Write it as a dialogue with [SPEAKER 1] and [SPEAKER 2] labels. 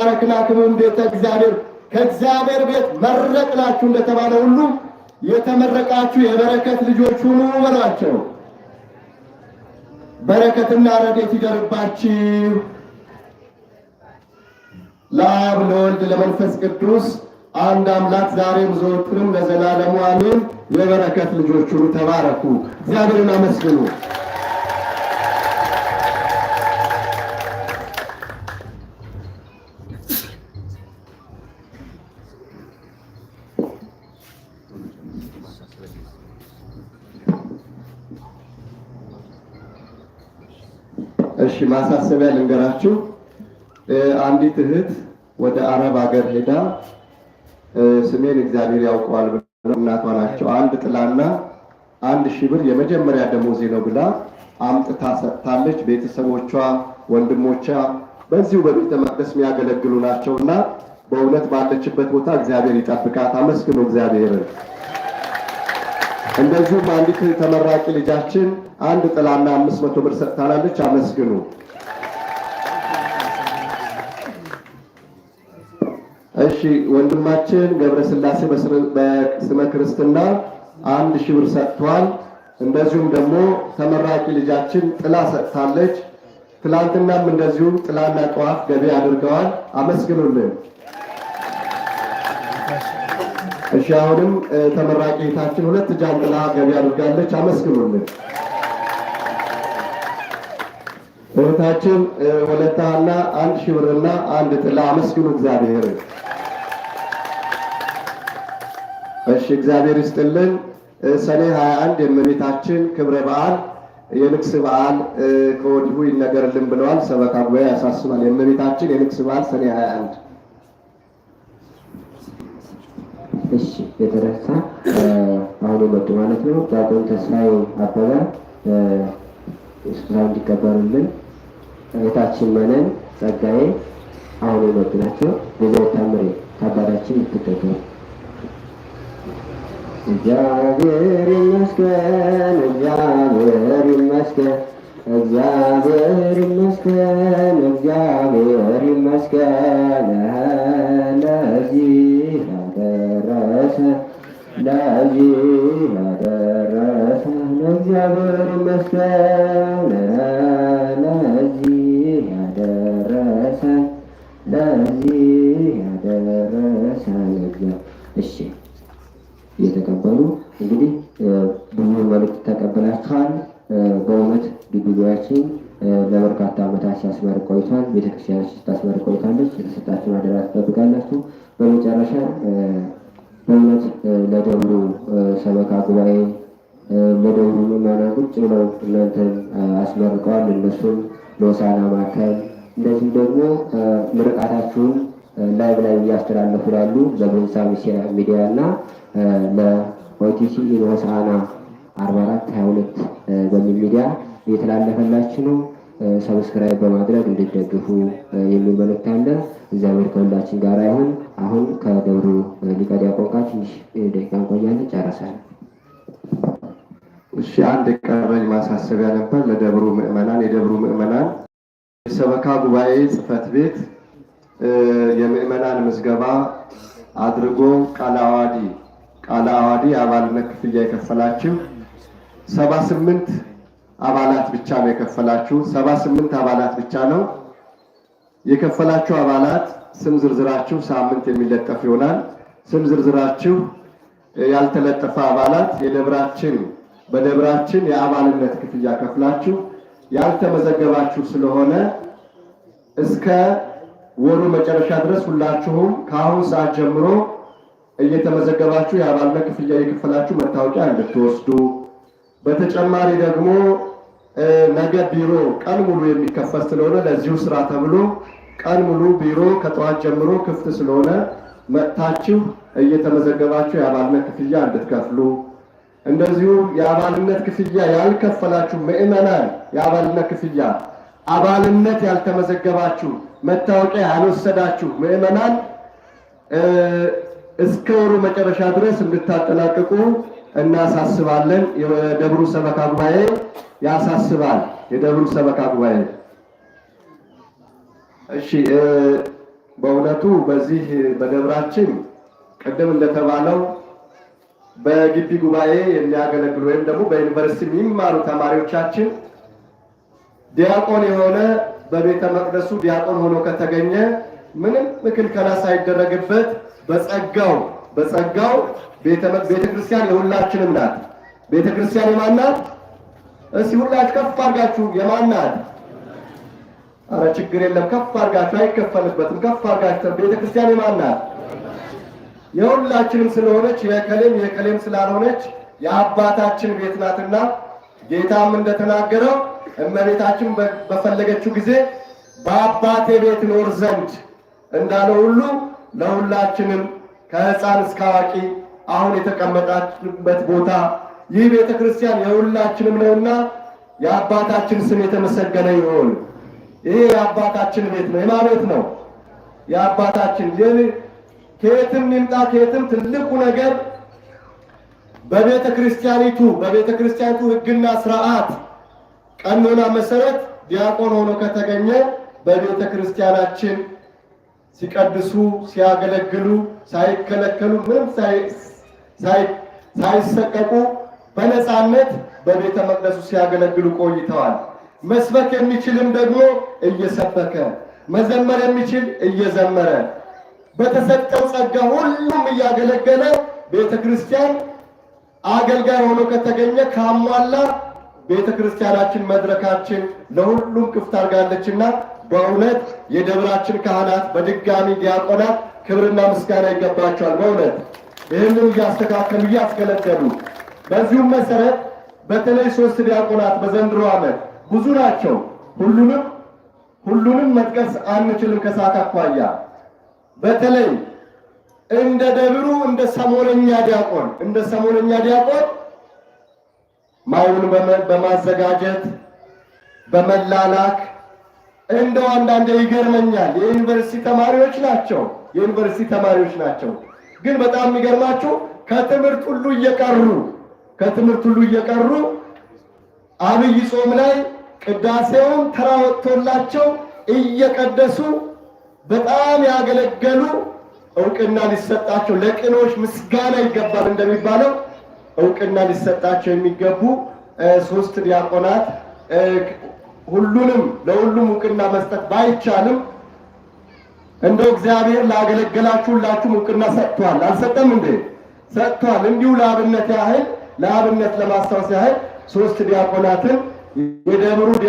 [SPEAKER 1] ባረክናክሙም ቤተ እግዚአብሔር ከእግዚአብሔር ቤት መረቅላችሁ እንደተባለ ሁሉ የተመረቃችሁ የበረከት ልጆች ሁኑ በሏቸው። በረከትና ረዴት ይደርባችሁ። ለአብ ለወልድ ለመንፈስ ቅዱስ አንድ አምላክ ዛሬም ዘወትርም ለዘላለሙ አሜን። የበረከት ልጆች ሁኑ፣ ተባረኩ፣ እግዚአብሔርን አመስግኑ። እሺ ማሳሰቢያ ልንገራችሁ። አንዲት እህት ወደ አረብ ሀገር ሄዳ ስሜን እግዚአብሔር ያውቀዋል እናቷ ናቸው። አንድ ጥላና አንድ ሺህ ብር የመጀመሪያ ደሞዜ ነው ብላ አምጥታ ሰጥታለች። ቤተሰቦቿ ወንድሞቿ በዚሁ በቤተ መቅደስ የሚያገለግሉ ናቸው እና በእውነት ባለችበት ቦታ እግዚአብሔር ይጠብቃት። አመስግኖ እግዚአብሔርን እንደዚሁም አንዲት ተመራቂ ልጃችን አንድ ጥላና አምስት መቶ ብር ሰጥታናለች። አመስግኑ። እሺ ወንድማችን ገብረስላሴ በስመ ክርስትና አንድ ሺህ ብር ሰጥቷል። እንደዚሁም ደግሞ ተመራቂ ልጃችን ጥላ ሰጥታለች። ትላንትናም እንደዚሁም ጥላና ጠዋፍ ገቢ አድርገዋል። አመስግኑልን። እሺ አሁንም ተመራቂ ታችን ሁለት ጃንጥላ ገቢ አድርጋለች። አመስግኑልን። እህታችን ወለታና አንድ ሺህ ብርና አንድ ጥላ አመስግኑ እግዚአብሔር። እሺ እግዚአብሔር ይስጥልን። ሰኔ 21 የእመቤታችን ክብረ በዓል የንግስ በዓል ከወዲሁ ይነገርልን ብለዋል። ሰበካ ጉባኤ ያሳስባል። የእመቤታችን የንግስ በዓል ሰኔ 21
[SPEAKER 2] እሺ የተረሳ አሁን የመጡ ማለት ነው። ዲያቆን ተስፋዬ አበበ ስጦታውን እንዲቀበሉልን እህታችን መነን ጸጋዬ አሁን የመጡ ናቸው። ብዙ ታምሬ ከአባታችን ይትቀበሉ። እግዚአብሔር ይመስገን፣ እግዚአብሔር ይመስገን፣ እግዚአብሔር ይመስገን፣ እግዚአብሔር ይመስገን ለዚህ ያደረሰን እግዚአብሔር ይመስገን። ለዚህ ያደረሰን ለዚህ ያደረሰን እግዚአብሔር። እሺ እየተቀበሉ እንግዲህ ብዙ መልዕክት ተቀብላችኋል። በእውነት ድግቢያችን ለበርካታ ዓመታት ሲያስመር ቆይቷል። ቤተክርስቲያናችን ስታስመር ቆይታለች። የተሰጣችሁን አደራ ትጠብቃላችሁ። በመጨረሻ በእውነት ለደብሩ ሰበካ ጉባኤ ለደብሩ ምዕመናን ቁጭ ብለው እናንተን አስመርቀዋል። እነሱም ለሆሳዕና ማዕከል እንደዚህም ደግሞ ምርቃታችሁን ላይቭ ላይ እያስተላለፉ ላሉ ለቦንሳ ሚዲያ እና ለኦቲሲ ሆሳዕና አርባ አራት ሀያ ሁለት በሚል ሚዲያ እየተላለፈላችሁ ነው። ሰብስክራይብ በማድረግ እንድትደግፉ የሚል መልእክት አለ። እግዚአብሔር ከሁላችን ጋር ይሁን። አሁን ከደብሩ ሊቀ ዲያቆን ጋር ትንሽ ደቂቃ እንቆያለን፣ ጨርሰናል።
[SPEAKER 1] እሺ፣ አንድ ቀበሌ ማሳሰቢያ ነበር ለደብሩ ምእመናን። የደብሩ ምእመናን የሰበካ ጉባኤ ጽሕፈት ቤት የምእመናን ምዝገባ አድርጎ ቃለ አዋዲ ቃለ አዋዲ የአባልነት ክፍያ የከፈላችሁ ሰባ ስምንት አባላት ብቻ ነው የከፈላችሁ። ሰባ ስምንት አባላት ብቻ ነው የከፈላችሁ አባላት ስም ዝርዝራችሁ ሳምንት የሚለጠፍ ይሆናል። ስም ዝርዝራችሁ ያልተለጠፈ አባላት የደብራችን በደብራችን የአባልነት ክፍያ ከፍላችሁ ያልተመዘገባችሁ ስለሆነ እስከ ወሩ መጨረሻ ድረስ ሁላችሁም ከአሁን ሰዓት ጀምሮ እየተመዘገባችሁ የአባልነት ክፍያ እየከፈላችሁ መታወቂያ እንድትወስዱ፣ በተጨማሪ ደግሞ ነገ ቢሮ ቀን ሙሉ የሚከፈት ስለሆነ ለዚሁ ስራ ተብሎ ቀን ሙሉ ቢሮ ከጠዋት ጀምሮ ክፍት ስለሆነ መጥታችሁ እየተመዘገባችሁ የአባልነት ክፍያ እንድትከፍሉ፣ እንደዚሁ የአባልነት ክፍያ ያልከፈላችሁ ምዕመናን የአባልነት ክፍያ አባልነት ያልተመዘገባችሁ መታወቂያ ያልወሰዳችሁ ምዕመናን እስከ ወሩ መጨረሻ ድረስ እንድታጠናቅቁ እናሳስባለን። የደብሩ ሰበካ ጉባኤ ያሳስባል። የደብሩ ሰበካ ጉባኤ እሺ በእውነቱ በዚህ በደብራችን ቅድም እንደተባለው በግቢ ጉባኤ የሚያገለግሉ ወይም ደግሞ በዩኒቨርሲቲ የሚማሩ ተማሪዎቻችን ዲያቆን የሆነ በቤተ መቅደሱ ዲያቆን ሆኖ ከተገኘ ምንም ምክልከላ ሳይደረግበት በጸጋው በጸጋው ቤተ ክርስቲያን የሁላችንም ናት። ቤተ ክርስቲያን የማን እስኪ ሁላችሁ ከፍ አድርጋችሁ የማን ናት? አረ ችግር የለም ከፍ አድርጋችሁ አይከፈልበትም። ከፍ አድርጋችሁ ቤተክርስቲያን የማን ናት? የሁላችንም ስለሆነች የከሌም የከሌም ስላልሆነች የአባታችን ቤት ናትና ጌታም እንደተናገረው እመቤታችን በፈለገችው ጊዜ በአባቴ ቤት ኖር ዘንድ እንዳለ ሁሉ ለሁላችንም ከህፃን እስከ አዋቂ አሁን የተቀመጣችበት ቦታ ይህ ቤተ ክርስቲያን የሁላችንም ነውና የአባታችን ስም የተመሰገነ ይሆን። ይሄ የአባታችን ቤት ነው ቤት ነው። የአባታችን ይህን ከየትም ይምጣ ከየትም ትልቁ ነገር በቤተ ክርስቲያኒቱ በቤተ ክርስቲያኒቱ ሕግና ስርዓት ቀኖና መሰረት ዲያቆን ሆኖ ከተገኘ በቤተ ክርስቲያናችን ሲቀድሱ ሲያገለግሉ ሳይከለከሉ ምንም ሳይሰቀቁ በነፃነት በቤተ መቅደሱ ሲያገለግሉ ቆይተዋል። መስበክ የሚችልም ደግሞ እየሰበከ መዘመር የሚችል እየዘመረ በተሰጠው ጸጋ ሁሉም እያገለገለ ቤተ ክርስቲያን አገልጋይ ሆኖ ከተገኘ ካሟላ ቤተ ክርስቲያናችን መድረካችን ለሁሉም ክፍት አድርጋለችና በእውነት የደብራችን ካህናት በድጋሚ ዲያቆናት ክብርና ምስጋና ይገባቸዋል። በእውነት ይህንን እያስተካከሉ እያስገለገሉ በዚሁም መሰረት በተለይ ሶስት ዲያቆናት በዘንድሮ ዓመት ብዙ ናቸው። ሁሉንም ሁሉንም መጥቀስ አንችልም ከሰዓት አኳያ። በተለይ እንደ ደብሩ እንደ ሰሞነኛ ዲያቆን እንደ ሰሞነኛ ዲያቆን ማውን በማዘጋጀት በመላላክ እንደው አንዳንዴ ይገርመኛል። የዩኒቨርሲቲ ተማሪዎች ናቸው የዩኒቨርሲቲ ተማሪዎች ናቸው። ግን በጣም የሚገርማችሁ ከትምህርት ሁሉ እየቀሩ ከትምህርት ሁሉ እየቀሩ አብይ ጾም ላይ ቅዳሴውን ተራ ወጥቶላቸው እየቀደሱ በጣም ያገለገሉ እውቅና ሊሰጣቸው ለቅኖች ምስጋና ይገባል እንደሚባለው እውቅና ሊሰጣቸው የሚገቡ ሶስት ዲያቆናት ሁሉንም ለሁሉም እውቅና መስጠት ባይቻልም እንደው እግዚአብሔር ላገለገላችሁ ሁላችሁም እውቅና ሰጥቷል። አልሰጠም እንዴ? ሰጥቷል። እንዲሁ ለአብነት ያህል ለአብነት ለማስታወስ ያህል ሶስት ዲያቆናትን የደብሩ